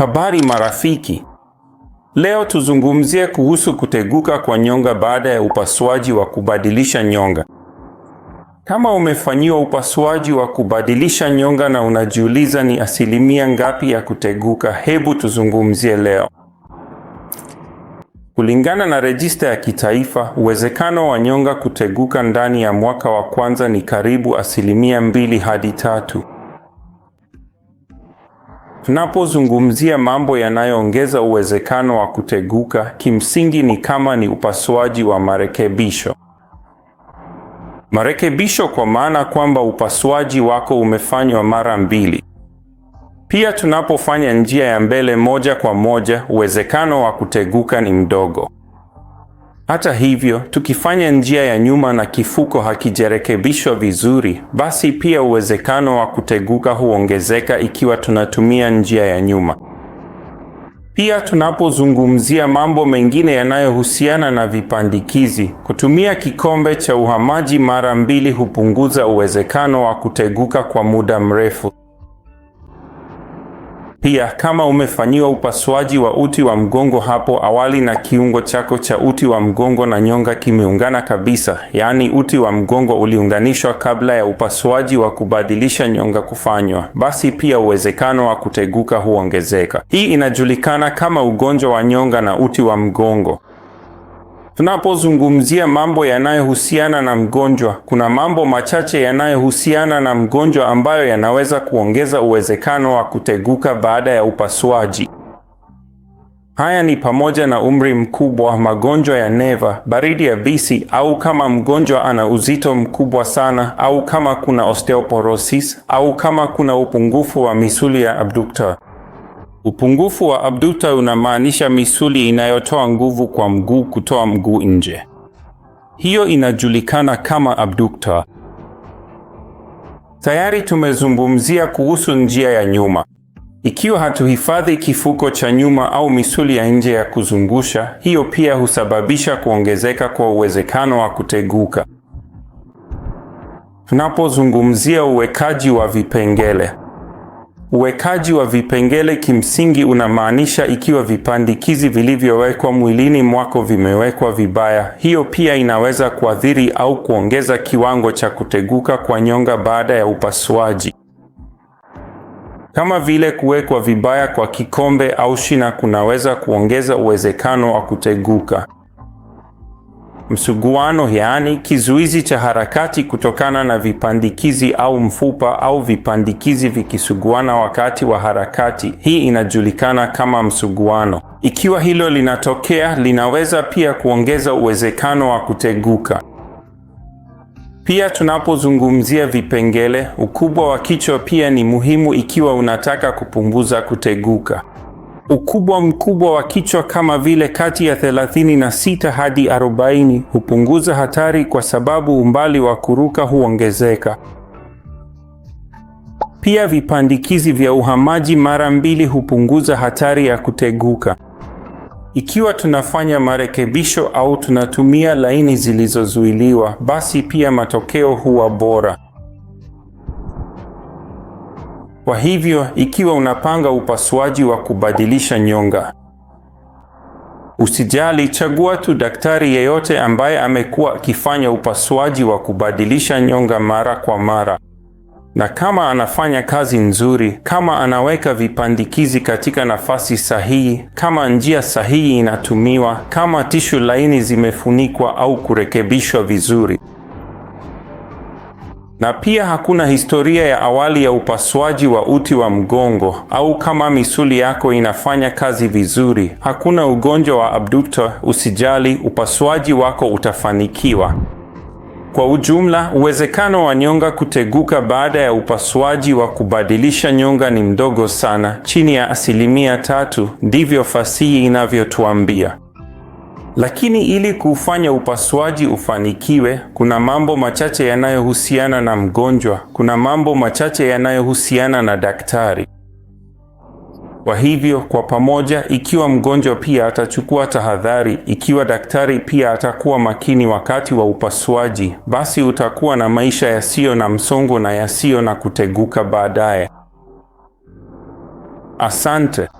Habari marafiki, leo tuzungumzie kuhusu kuteguka kwa nyonga baada ya upasuaji wa kubadilisha nyonga. Kama umefanyiwa upasuaji wa kubadilisha nyonga na unajiuliza ni asilimia ngapi ya kuteguka, hebu tuzungumzie leo. Kulingana na rejista ya kitaifa, uwezekano wa nyonga kuteguka ndani ya mwaka wa kwanza ni karibu asilimia mbili hadi tatu. Tunapozungumzia mambo yanayoongeza uwezekano wa kuteguka, kimsingi ni kama ni upasuaji wa marekebisho. Marekebisho kwa maana kwamba upasuaji wako umefanywa mara mbili. Pia tunapofanya njia ya mbele moja kwa moja, uwezekano wa kuteguka ni mdogo. Hata hivyo, tukifanya njia ya nyuma na kifuko hakijarekebishwa vizuri, basi pia uwezekano wa kuteguka huongezeka ikiwa tunatumia njia ya nyuma. Pia tunapozungumzia mambo mengine yanayohusiana na vipandikizi, kutumia kikombe cha uhamaji mara mbili hupunguza uwezekano wa kuteguka kwa muda mrefu. Pia kama umefanyiwa upasuaji wa uti wa mgongo hapo awali na kiungo chako cha uti wa mgongo na nyonga kimeungana kabisa, yaani uti wa mgongo uliunganishwa kabla ya upasuaji wa kubadilisha nyonga kufanywa, basi pia uwezekano wa kuteguka huongezeka. Hii inajulikana kama ugonjwa wa nyonga na uti wa mgongo. Tunapozungumzia mambo yanayohusiana na mgonjwa, kuna mambo machache yanayohusiana na mgonjwa ambayo yanaweza kuongeza uwezekano wa kuteguka baada ya upasuaji. Haya ni pamoja na umri mkubwa, magonjwa ya neva, baridi ya visi, au kama mgonjwa ana uzito mkubwa sana, au kama kuna osteoporosis, au kama kuna upungufu wa misuli ya abductor. Upungufu wa abduta unamaanisha misuli inayotoa nguvu kwa mguu kutoa mguu nje. Hiyo inajulikana kama abductor. Tayari tumezungumzia kuhusu njia ya nyuma. Ikiwa hatuhifadhi kifuko cha nyuma au misuli ya nje ya kuzungusha, hiyo pia husababisha kuongezeka kwa uwezekano wa kuteguka. Tunapozungumzia uwekaji wa vipengele Uwekaji wa vipengele kimsingi unamaanisha ikiwa vipandikizi vilivyowekwa mwilini mwako vimewekwa vibaya, hiyo pia inaweza kuathiri au kuongeza kiwango cha kuteguka kwa nyonga baada ya upasuaji, kama vile kuwekwa vibaya kwa kikombe au shina kunaweza kuongeza uwezekano wa kuteguka. Msuguano yaani kizuizi cha harakati kutokana na vipandikizi au mfupa au vipandikizi vikisuguana wakati wa harakati. Hii inajulikana kama msuguano. Ikiwa hilo linatokea, linaweza pia kuongeza uwezekano wa kuteguka. Pia tunapozungumzia vipengele, ukubwa wa kichwa pia ni muhimu ikiwa unataka kupunguza kuteguka. Ukubwa mkubwa wa kichwa kama vile kati ya 36 hadi 40 hupunguza hatari kwa sababu umbali wa kuruka huongezeka. Pia vipandikizi vya uhamaji mara mbili hupunguza hatari ya kuteguka. Ikiwa tunafanya marekebisho au tunatumia laini zilizozuiliwa, basi pia matokeo huwa bora. Kwa hivyo, ikiwa unapanga upasuaji wa kubadilisha nyonga, usijali, chagua tu daktari yeyote ambaye amekuwa akifanya upasuaji wa kubadilisha nyonga mara kwa mara, na kama anafanya kazi nzuri, kama anaweka vipandikizi katika nafasi sahihi, kama njia sahihi inatumiwa, kama tishu laini zimefunikwa au kurekebishwa vizuri na pia hakuna historia ya awali ya upasuaji wa uti wa mgongo au kama misuli yako inafanya kazi vizuri, hakuna ugonjwa wa abductor. Usijali, upasuaji wako utafanikiwa. Kwa ujumla, uwezekano wa nyonga kuteguka baada ya upasuaji wa kubadilisha nyonga ni mdogo sana, chini ya asilimia tatu, ndivyo fasihi inavyotuambia. Lakini ili kufanya upasuaji ufanikiwe, kuna mambo machache yanayohusiana na mgonjwa, kuna mambo machache yanayohusiana na daktari. Kwa hivyo kwa pamoja, ikiwa mgonjwa pia atachukua tahadhari, ikiwa daktari pia atakuwa makini wakati wa upasuaji, basi utakuwa na maisha yasiyo na msongo na yasiyo na kuteguka baadaye. Asante.